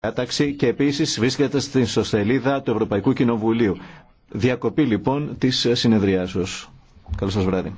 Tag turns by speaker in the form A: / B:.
A: διάταξη και επίσης βρίσκεται στην σωστελίδα του Ευρωπαϊκού Κοινοβουλίου. Διακοπή λοιπόν της συνεδριάσεως. Καλό σας βράδυ.